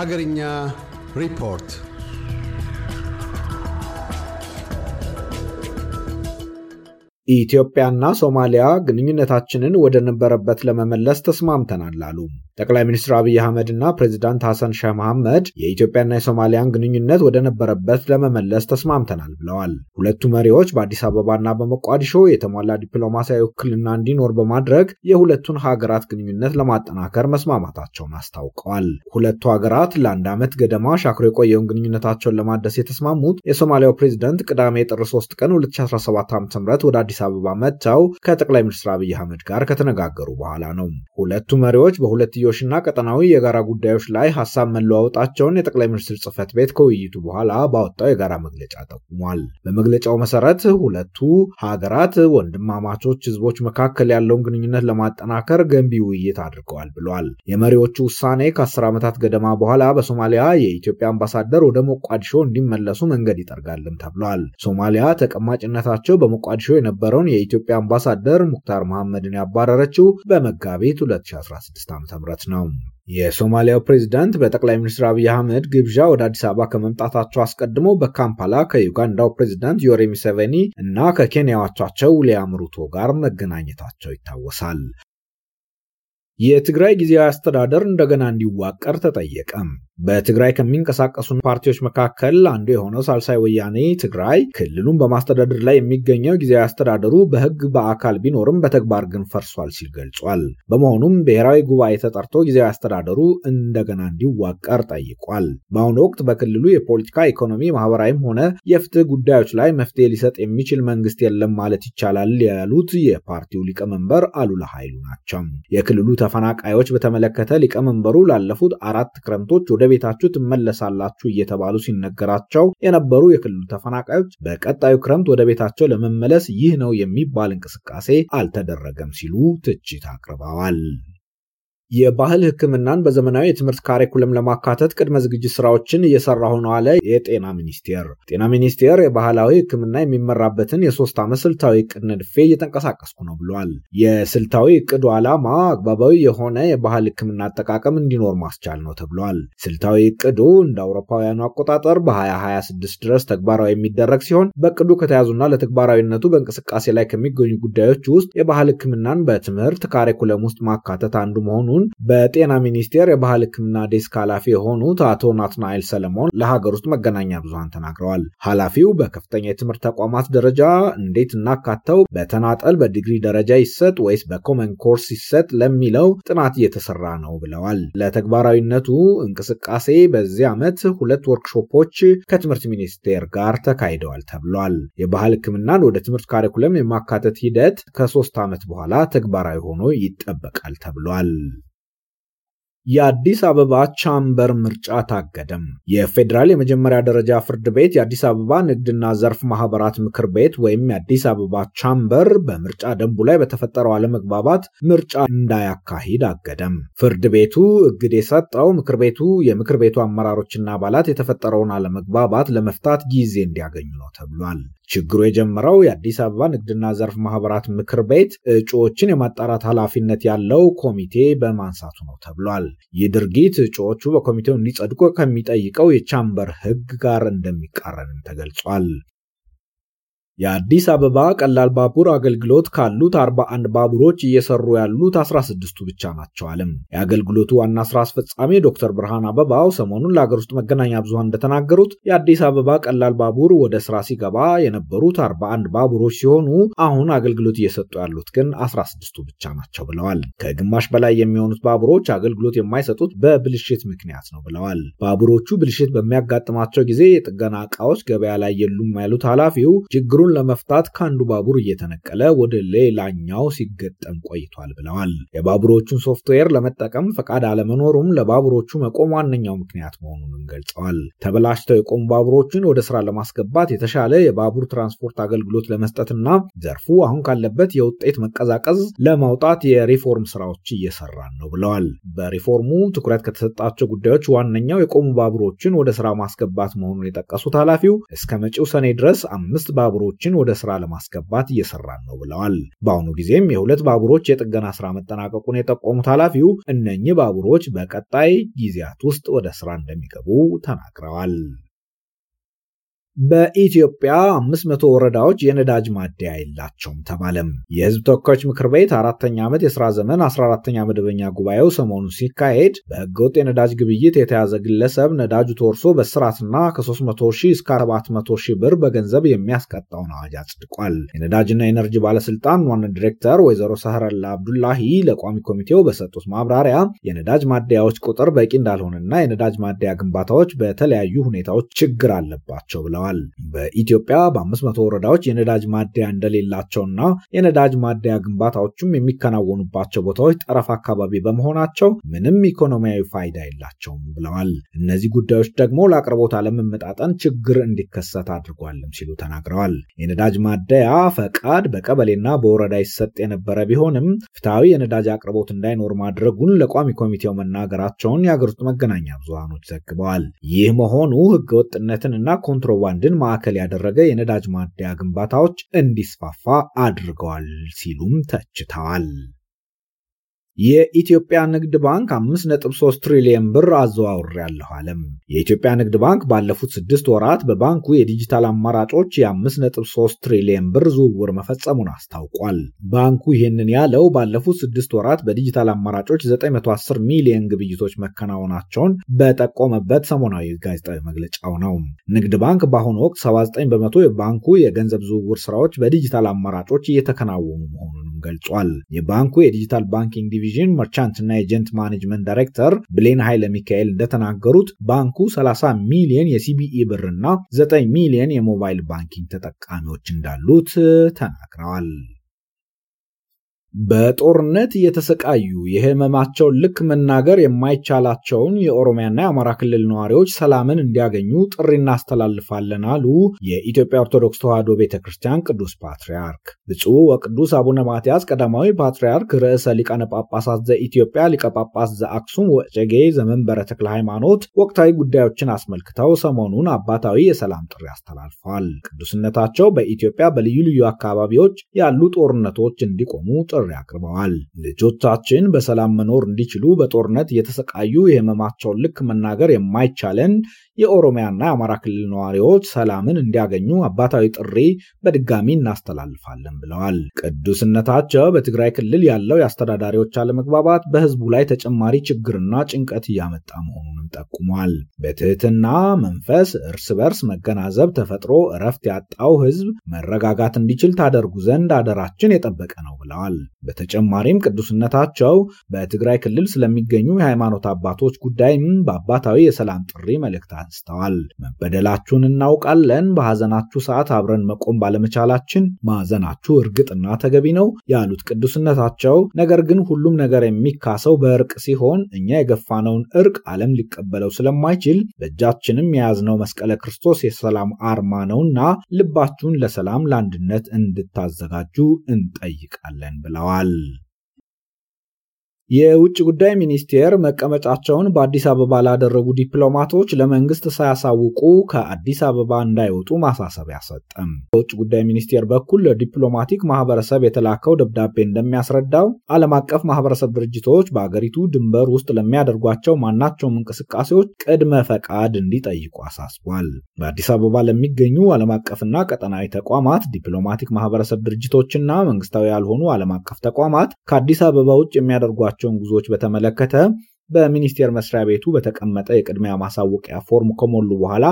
ሀገርኛ ሪፖርት ኢትዮጵያና ሶማሊያ ግንኙነታችንን ወደ ነበረበት ለመመለስ ተስማምተናል አሉ። ጠቅላይ ሚኒስትር አብይ አህመድ እና ፕሬዚዳንት ሐሰን ሼህ መሐመድ የኢትዮጵያና የሶማሊያን ግንኙነት ወደ ነበረበት ለመመለስ ተስማምተናል ብለዋል። ሁለቱ መሪዎች በአዲስ አበባና በመቋዲሾ የተሟላ ዲፕሎማሲያዊ ውክልና እንዲኖር በማድረግ የሁለቱን ሀገራት ግንኙነት ለማጠናከር መስማማታቸውን አስታውቀዋል። ሁለቱ ሀገራት ለአንድ ዓመት ገደማ ሻክሮ የቆየውን ግንኙነታቸውን ለማደስ የተስማሙት የሶማሊያው ፕሬዚደንት ቅዳሜ ጥር 3 ቀን 2017 ዓ ም ወደ አዲስ አበባ መጥተው ከጠቅላይ ሚኒስትር አብይ አህመድ ጋር ከተነጋገሩ በኋላ ነው። ሁለቱ መሪዎች በሁለትዮ ክፍሎችና ቀጠናዊ የጋራ ጉዳዮች ላይ ሀሳብ መለዋወጣቸውን የጠቅላይ ሚኒስትር ጽህፈት ቤት ከውይይቱ በኋላ ባወጣው የጋራ መግለጫ ጠቁሟል። በመግለጫው መሰረት ሁለቱ ሀገራት ወንድማማቾች ህዝቦች መካከል ያለውን ግንኙነት ለማጠናከር ገንቢ ውይይት አድርገዋል ብሏል። የመሪዎቹ ውሳኔ ከአስር ዓመታት ገደማ በኋላ በሶማሊያ የኢትዮጵያ አምባሳደር ወደ ሞቃዲሾ እንዲመለሱ መንገድ ይጠርጋልም ተብሏል። ሶማሊያ ተቀማጭነታቸው በሞቃዲሾ የነበረውን የኢትዮጵያ አምባሳደር ሙክታር መሐመድን ያባረረችው በመጋቢት 2016 ዓ.ም ማለት ነው። የሶማሊያው ፕሬዚዳንት በጠቅላይ ሚኒስትር አብይ አህመድ ግብዣ ወደ አዲስ አበባ ከመምጣታቸው አስቀድሞ በካምፓላ ከዩጋንዳው ፕሬዚዳንት ዮዌሪ ሙሴቬኒ እና ከኬንያው አቻቸው ዊልያም ሩቶ ጋር መገናኘታቸው ይታወሳል። የትግራይ ጊዜያዊ አስተዳደር እንደገና እንዲዋቀር ተጠየቀም። በትግራይ ከሚንቀሳቀሱ ፓርቲዎች መካከል አንዱ የሆነው ሳልሳይ ወያኔ ትግራይ ክልሉን በማስተዳደር ላይ የሚገኘው ጊዜያዊ አስተዳደሩ በሕግ በአካል ቢኖርም በተግባር ግን ፈርሷል ሲል ገልጿል። በመሆኑም ብሔራዊ ጉባኤ ተጠርቶ ጊዜያዊ አስተዳደሩ እንደገና እንዲዋቀር ጠይቋል። በአሁኑ ወቅት በክልሉ የፖለቲካ ኢኮኖሚ፣ ማህበራዊም ሆነ የፍትህ ጉዳዮች ላይ መፍትሄ ሊሰጥ የሚችል መንግስት የለም ማለት ይቻላል ያሉት የፓርቲው ሊቀመንበር አሉላ ኃይሉ ናቸው። የክልሉ ተፈናቃዮች በተመለከተ ሊቀመንበሩ ላለፉት አራት ክረምቶች ወደ ቤታችሁ ትመለሳላችሁ እየተባሉ ሲነገራቸው የነበሩ የክልሉ ተፈናቃዮች በቀጣዩ ክረምት ወደ ቤታቸው ለመመለስ ይህ ነው የሚባል እንቅስቃሴ አልተደረገም ሲሉ ትችት አቅርበዋል። የባህል ሕክምናን በዘመናዊ የትምህርት ካሪኩለም ለማካተት ቅድመ ዝግጅት ስራዎችን እየሰራሁ ነው አለ የጤና ሚኒስቴር። ጤና ሚኒስቴር የባህላዊ ሕክምና የሚመራበትን የሶስት ዓመት ስልታዊ እቅድ ነድፌ እየተንቀሳቀስኩ ነው ብሏል። የስልታዊ እቅዱ ዓላማ አግባባዊ የሆነ የባህል ሕክምና አጠቃቀም እንዲኖር ማስቻል ነው ተብሏል። ስልታዊ እቅዱ እንደ አውሮፓውያኑ አቆጣጠር በ2026 ድረስ ተግባራዊ የሚደረግ ሲሆን በእቅዱ ከተያዙና ለተግባራዊነቱ በእንቅስቃሴ ላይ ከሚገኙ ጉዳዮች ውስጥ የባህል ሕክምናን በትምህርት ካሪኩለም ውስጥ ማካተት አንዱ መሆኑን መሆኑን በጤና ሚኒስቴር የባህል ሕክምና ዴስክ ኃላፊ የሆኑት አቶ ናትናኤል ሰለሞን ለሀገር ውስጥ መገናኛ ብዙሃን ተናግረዋል። ኃላፊው በከፍተኛ የትምህርት ተቋማት ደረጃ እንዴት እናካተው፣ በተናጠል በዲግሪ ደረጃ ይሰጥ ወይስ በኮመን ኮርስ ይሰጥ ለሚለው ጥናት እየተሰራ ነው ብለዋል። ለተግባራዊነቱ እንቅስቃሴ በዚህ ዓመት ሁለት ወርክሾፖች ከትምህርት ሚኒስቴር ጋር ተካሂደዋል ተብሏል። የባህል ሕክምናን ወደ ትምህርት ካሪኩለም የማካተት ሂደት ከሶስት ዓመት በኋላ ተግባራዊ ሆኖ ይጠበቃል ተብሏል። የአዲስ አበባ ቻምበር ምርጫ ታገደም። የፌዴራል የመጀመሪያ ደረጃ ፍርድ ቤት የአዲስ አበባ ንግድና ዘርፍ ማህበራት ምክር ቤት ወይም የአዲስ አበባ ቻምበር በምርጫ ደንቡ ላይ በተፈጠረው አለመግባባት ምርጫ እንዳያካሂድ አገደም። ፍርድ ቤቱ እግድ የሰጠው ምክር ቤቱ የምክር ቤቱ አመራሮችና አባላት የተፈጠረውን አለመግባባት ለመፍታት ጊዜ እንዲያገኙ ነው ተብሏል። ችግሩ የጀመረው የአዲስ አበባ ንግድና ዘርፍ ማህበራት ምክር ቤት እጩዎችን የማጣራት ኃላፊነት ያለው ኮሚቴ በማንሳቱ ነው ተብሏል። ይህ ድርጊት እጩዎቹ በኮሚቴው እንዲጸድቁ ከሚጠይቀው የቻምበር ህግ ጋር እንደሚቃረንም ተገልጿል። የአዲስ አበባ ቀላል ባቡር አገልግሎት ካሉት 41 ባቡሮች እየሰሩ ያሉት 16ቱ ብቻ ናቸው አለም። የአገልግሎቱ ዋና ስራ አስፈጻሚ ዶክተር ብርሃን አበባው ሰሞኑን ለአገር ውስጥ መገናኛ ብዙሃን እንደተናገሩት የአዲስ አበባ ቀላል ባቡር ወደ ስራ ሲገባ የነበሩት 41 ባቡሮች ሲሆኑ አሁን አገልግሎት እየሰጡ ያሉት ግን 16ቱ ብቻ ናቸው ብለዋል። ከግማሽ በላይ የሚሆኑት ባቡሮች አገልግሎት የማይሰጡት በብልሽት ምክንያት ነው ብለዋል። ባቡሮቹ ብልሽት በሚያጋጥማቸው ጊዜ የጥገና እቃዎች ገበያ ላይ የሉም ያሉት ኃላፊው ችግሩን ችግሩን ለመፍታት ከአንዱ ባቡር እየተነቀለ ወደ ሌላኛው ሲገጠም ቆይቷል ብለዋል። የባቡሮቹን ሶፍትዌር ለመጠቀም ፈቃድ አለመኖሩም ለባቡሮቹ መቆም ዋነኛው ምክንያት መሆኑንም ገልጸዋል። ተበላሽተው የቆሙ ባቡሮችን ወደ ስራ ለማስገባት የተሻለ የባቡር ትራንስፖርት አገልግሎት ለመስጠትና ዘርፉ አሁን ካለበት የውጤት መቀዛቀዝ ለማውጣት የሪፎርም ስራዎች እየሰራን ነው ብለዋል። በሪፎርሙ ትኩረት ከተሰጣቸው ጉዳዮች ዋነኛው የቆሙ ባቡሮችን ወደ ስራ ማስገባት መሆኑን የጠቀሱት ኃላፊው እስከ መጪው ሰኔ ድረስ አምስት ባቡሮ ሰዎችን ወደ ስራ ለማስገባት እየሰራን ነው ብለዋል። በአሁኑ ጊዜም የሁለት ባቡሮች የጥገና ስራ መጠናቀቁን የጠቆሙት ኃላፊው እነኚህ ባቡሮች በቀጣይ ጊዜያት ውስጥ ወደ ስራ እንደሚገቡ ተናግረዋል። በኢትዮጵያ 500 ወረዳዎች የነዳጅ ማደያ የላቸውም ተባለም። የህዝብ ተወካዮች ምክር ቤት አራተኛ ዓመት የሥራ ዘመን 14ኛ መደበኛ ጉባኤው ሰሞኑን ሲካሄድ በህገወጥ የነዳጅ ግብይት የተያዘ ግለሰብ ነዳጁ ተወርሶ በስራትና ከ300 ሺህ እስከ 400 ሺህ ብር በገንዘብ የሚያስቀጣውን አዋጅ አጽድቋል። የነዳጅና ኤነርጂ ባለስልጣን ዋና ዲሬክተር ወይዘሮ ሳህረላ አብዱላሂ ለቋሚ ኮሚቴው በሰጡት ማብራሪያ የነዳጅ ማደያዎች ቁጥር በቂ እንዳልሆነና የነዳጅ ማደያ ግንባታዎች በተለያዩ ሁኔታዎች ችግር አለባቸው ብለዋል። ገልጸዋል። በኢትዮጵያ በ500 ወረዳዎች የነዳጅ ማደያ እንደሌላቸውና የነዳጅ ማደያ ግንባታዎችም የሚከናወኑባቸው ቦታዎች ጠረፍ አካባቢ በመሆናቸው ምንም ኢኮኖሚያዊ ፋይዳ የላቸውም ብለዋል። እነዚህ ጉዳዮች ደግሞ ለአቅርቦት አለመመጣጠን ችግር እንዲከሰት አድርጓልም ሲሉ ተናግረዋል። የነዳጅ ማደያ ፈቃድ በቀበሌና በወረዳ ይሰጥ የነበረ ቢሆንም ፍትሐዊ የነዳጅ አቅርቦት እንዳይኖር ማድረጉን ለቋሚ ኮሚቴው መናገራቸውን የአገር ውስጥ መገናኛ ብዙሃኖች ዘግበዋል። ይህ መሆኑ ህገወጥነትን እና ኮንትሮባ ሩዋንድን ማዕከል ያደረገ የነዳጅ ማደያ ግንባታዎች እንዲስፋፋ አድርገዋል ሲሉም ተችተዋል። የኢትዮጵያ ንግድ ባንክ 5.3 ትሪሊየን ብር አዘዋውር ያለው አለም። የኢትዮጵያ ንግድ ባንክ ባለፉት ስድስት ወራት በባንኩ የዲጂታል አማራጮች የ5.3 ትሪሊየን ብር ዝውውር መፈጸሙን አስታውቋል። ባንኩ ይህንን ያለው ባለፉት ስድስት ወራት በዲጂታል አማራጮች 910 ሚሊየን ግብይቶች መከናወናቸውን በጠቆመበት ሰሞናዊ ጋዜጣዊ መግለጫው ነው። ንግድ ባንክ በአሁኑ ወቅት 79 በመቶ የባንኩ የገንዘብ ዝውውር ስራዎች በዲጂታል አማራጮች እየተከናወኑ መሆኑን ገልጿል። የባንኩ የዲጂታል ባንኪንግ ዲቪዥን መርቻንትና ኤጀንት ማኔጅመንት ዳይሬክተር ብሌን ኃይለ ሚካኤል እንደተናገሩት ባንኩ 30 ሚሊዮን የሲቢኢ ብርና 9 ሚሊዮን የሞባይል ባንኪንግ ተጠቃሚዎች እንዳሉት ተናግረዋል። በጦርነት የተሰቃዩ የህመማቸውን ልክ መናገር የማይቻላቸውን የኦሮሚያና የአማራ ክልል ነዋሪዎች ሰላምን እንዲያገኙ ጥሪ እናስተላልፋለን አሉ የኢትዮጵያ ኦርቶዶክስ ተዋሕዶ ቤተ ክርስቲያን ቅዱስ ፓትርያርክ። ብፁዕ ወቅዱስ አቡነ ማትያስ ቀዳማዊ ፓትርያርክ ርዕሰ ሊቃነ ጳጳሳት ዘኢትዮጵያ ሊቀ ጳጳስ ዘአክሱም ወጨጌ ዘመንበረ ተክለ ሃይማኖት ወቅታዊ ጉዳዮችን አስመልክተው ሰሞኑን አባታዊ የሰላም ጥሪ አስተላልፏል። ቅዱስነታቸው በኢትዮጵያ በልዩ ልዩ አካባቢዎች ያሉ ጦርነቶች እንዲቆሙ ጥሪ አቅርበዋል። ልጆቻችን በሰላም መኖር እንዲችሉ በጦርነት የተሰቃዩ የህመማቸውን ልክ መናገር የማይቻለን የኦሮሚያና የአማራ ክልል ነዋሪዎች ሰላምን እንዲያገኙ አባታዊ ጥሪ በድጋሚ እናስተላልፋለን ብለዋል። ቅዱስነታቸው በትግራይ ክልል ያለው የአስተዳዳሪዎች አለመግባባት በህዝቡ ላይ ተጨማሪ ችግርና ጭንቀት እያመጣ መሆኑንም ጠቁሟል። በትህትና መንፈስ እርስ በርስ መገናዘብ ተፈጥሮ እረፍት ያጣው ህዝብ መረጋጋት እንዲችል ታደርጉ ዘንድ አደራችን የጠበቀ ነው ብለዋል። በተጨማሪም ቅዱስነታቸው በትግራይ ክልል ስለሚገኙ የሃይማኖት አባቶች ጉዳይም በአባታዊ የሰላም ጥሪ መልእክት አንስተዋል። መበደላችሁን እናውቃለን። በሐዘናችሁ ሰዓት አብረን መቆም ባለመቻላችን ማዘናችሁ እርግጥና ተገቢ ነው ያሉት ቅዱስነታቸው፣ ነገር ግን ሁሉም ነገር የሚካሰው በእርቅ ሲሆን እኛ የገፋነውን እርቅ ዓለም ሊቀበለው ስለማይችል በእጃችንም የያዝነው መስቀለ ክርስቶስ የሰላም አርማ ነውና ልባችሁን ለሰላም ለአንድነት እንድታዘጋጁ እንጠይቃለን ብለዋል። al የውጭ ጉዳይ ሚኒስቴር መቀመጫቸውን በአዲስ አበባ ላደረጉ ዲፕሎማቶች ለመንግስት ሳያሳውቁ ከአዲስ አበባ እንዳይወጡ ማሳሰቢያ ሰጠም። በውጭ ጉዳይ ሚኒስቴር በኩል ለዲፕሎማቲክ ማህበረሰብ የተላከው ደብዳቤ እንደሚያስረዳው ዓለም አቀፍ ማህበረሰብ ድርጅቶች በአገሪቱ ድንበር ውስጥ ለሚያደርጓቸው ማናቸውም እንቅስቃሴዎች ቅድመ ፈቃድ እንዲጠይቁ አሳስቧል። በአዲስ አበባ ለሚገኙ ዓለም አቀፍና ቀጠናዊ ተቋማት፣ ዲፕሎማቲክ ማህበረሰብ ድርጅቶችና መንግስታዊ ያልሆኑ ዓለም አቀፍ ተቋማት ከአዲስ አበባ ውጭ የሚያደርጓቸው የሚኖራቸውን ጉዞዎች በተመለከተ በሚኒስቴር መስሪያ ቤቱ በተቀመጠ የቅድሚያ ማሳወቂያ ፎርም ከሞሉ በኋላ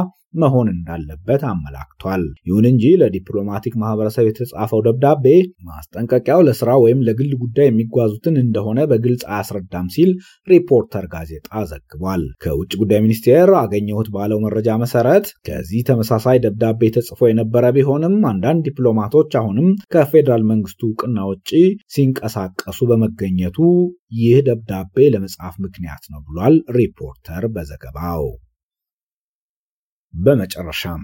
መሆን እንዳለበት አመላክቷል። ይሁን እንጂ ለዲፕሎማቲክ ማህበረሰብ የተጻፈው ደብዳቤ ማስጠንቀቂያው ለስራ ወይም ለግል ጉዳይ የሚጓዙትን እንደሆነ በግልጽ አያስረዳም ሲል ሪፖርተር ጋዜጣ ዘግቧል። ከውጭ ጉዳይ ሚኒስቴር አገኘሁት ባለው መረጃ መሰረት ከዚህ ተመሳሳይ ደብዳቤ ተጽፎ የነበረ ቢሆንም አንዳንድ ዲፕሎማቶች አሁንም ከፌዴራል መንግስቱ እውቅና ውጭ ሲንቀሳቀሱ በመገኘቱ ይህ ደብዳቤ ለመጻፍ ምክንያት ነው ብሏል ሪፖርተር በዘገባው። በመጨረሻም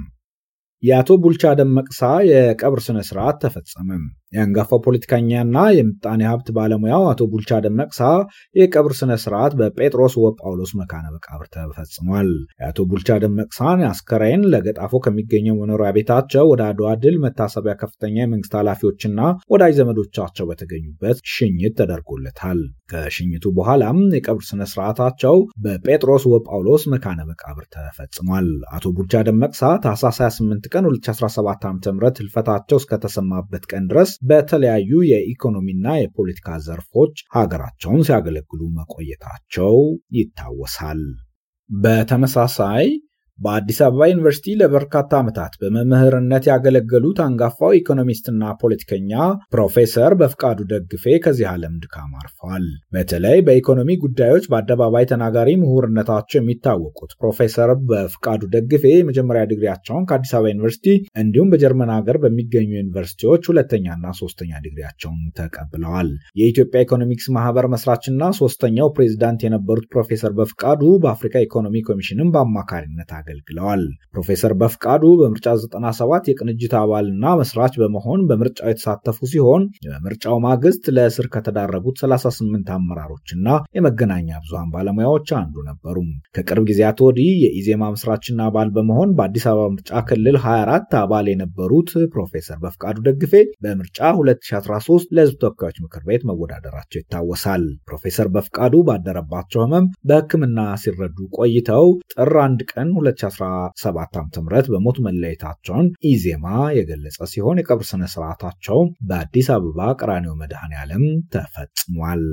የአቶ ቡልቻ ደመቅሳ የቀብር ሥነ ተፈጸመም። የአንጋፋው ፖለቲከኛና የምጣኔ ሀብት ባለሙያው አቶ ቡልቻ ደመቅሳ የቀብር ስነ ስርዓት በጴጥሮስ ወጳውሎስ መካነ መቃብር ተፈጽሟል። የአቶ ቡልቻ ደመቅሳን አስከሬን ለገጣፎ ከሚገኘው መኖሪያ ቤታቸው ወደ አድዋ ድል መታሰቢያ ከፍተኛ የመንግስት ኃላፊዎችና ወዳጅ ዘመዶቻቸው በተገኙበት ሽኝት ተደርጎለታል። ከሽኝቱ በኋላም የቀብር ስነ ስርዓታቸው በጴጥሮስ ወጳውሎስ መካነ መቃብር ተፈጽሟል። አቶ ቡልቻ ደመቅሳ ታህሳስ 28 ቀን 2017 ዓ ም ህልፈታቸው እስከተሰማበት ቀን ድረስ በተለያዩ የኢኮኖሚና የፖለቲካ ዘርፎች ሀገራቸውን ሲያገለግሉ መቆየታቸው ይታወሳል። በተመሳሳይ በአዲስ አበባ ዩኒቨርሲቲ ለበርካታ ዓመታት በመምህርነት ያገለገሉት አንጋፋው ኢኮኖሚስትና ፖለቲከኛ ፕሮፌሰር በፍቃዱ ደግፌ ከዚህ ዓለም ድካም አርፏል። በተለይ በኢኮኖሚ ጉዳዮች በአደባባይ ተናጋሪ ምሁርነታቸው የሚታወቁት ፕሮፌሰር በፍቃዱ ደግፌ የመጀመሪያ ዲግሪያቸውን ከአዲስ አበባ ዩኒቨርሲቲ እንዲሁም በጀርመን ሀገር በሚገኙ ዩኒቨርሲቲዎች ሁለተኛና ሶስተኛ ዲግሪያቸውን ተቀብለዋል። የኢትዮጵያ ኢኮኖሚክስ ማህበር መስራችና ሶስተኛው ፕሬዚዳንት የነበሩት ፕሮፌሰር በፍቃዱ በአፍሪካ ኢኮኖሚ ኮሚሽንም በአማካሪነት አገልግለዋል። ፕሮፌሰር በፍቃዱ በምርጫ 97 የቅንጅት አባልና መስራች በመሆን በምርጫው የተሳተፉ ሲሆን በምርጫው ማግስት ለእስር ከተዳረጉት 38 አመራሮችና የመገናኛ ብዙሃን ባለሙያዎች አንዱ ነበሩ። ከቅርብ ጊዜያት ወዲህ የኢዜማ መስራችና አባል በመሆን በአዲስ አበባ ምርጫ ክልል 24 አባል የነበሩት ፕሮፌሰር በፍቃዱ ደግፌ በምርጫ 2013 ለህዝብ ተወካዮች ምክር ቤት መወዳደራቸው ይታወሳል። ፕሮፌሰር በፍቃዱ ባደረባቸው ህመም በሕክምና ሲረዱ ቆይተው ጥር 1 ቀን 2017 ዓ ም በሞት መለየታቸውን ኢዜማ የገለጸ ሲሆን የቀብር ስነ ስርዓታቸው በአዲስ አበባ ቀራኒዮ መድኃኔ ዓለም ተፈጽሟል።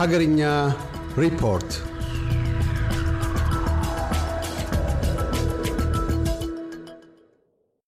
ሀገርኛ ሪፖርት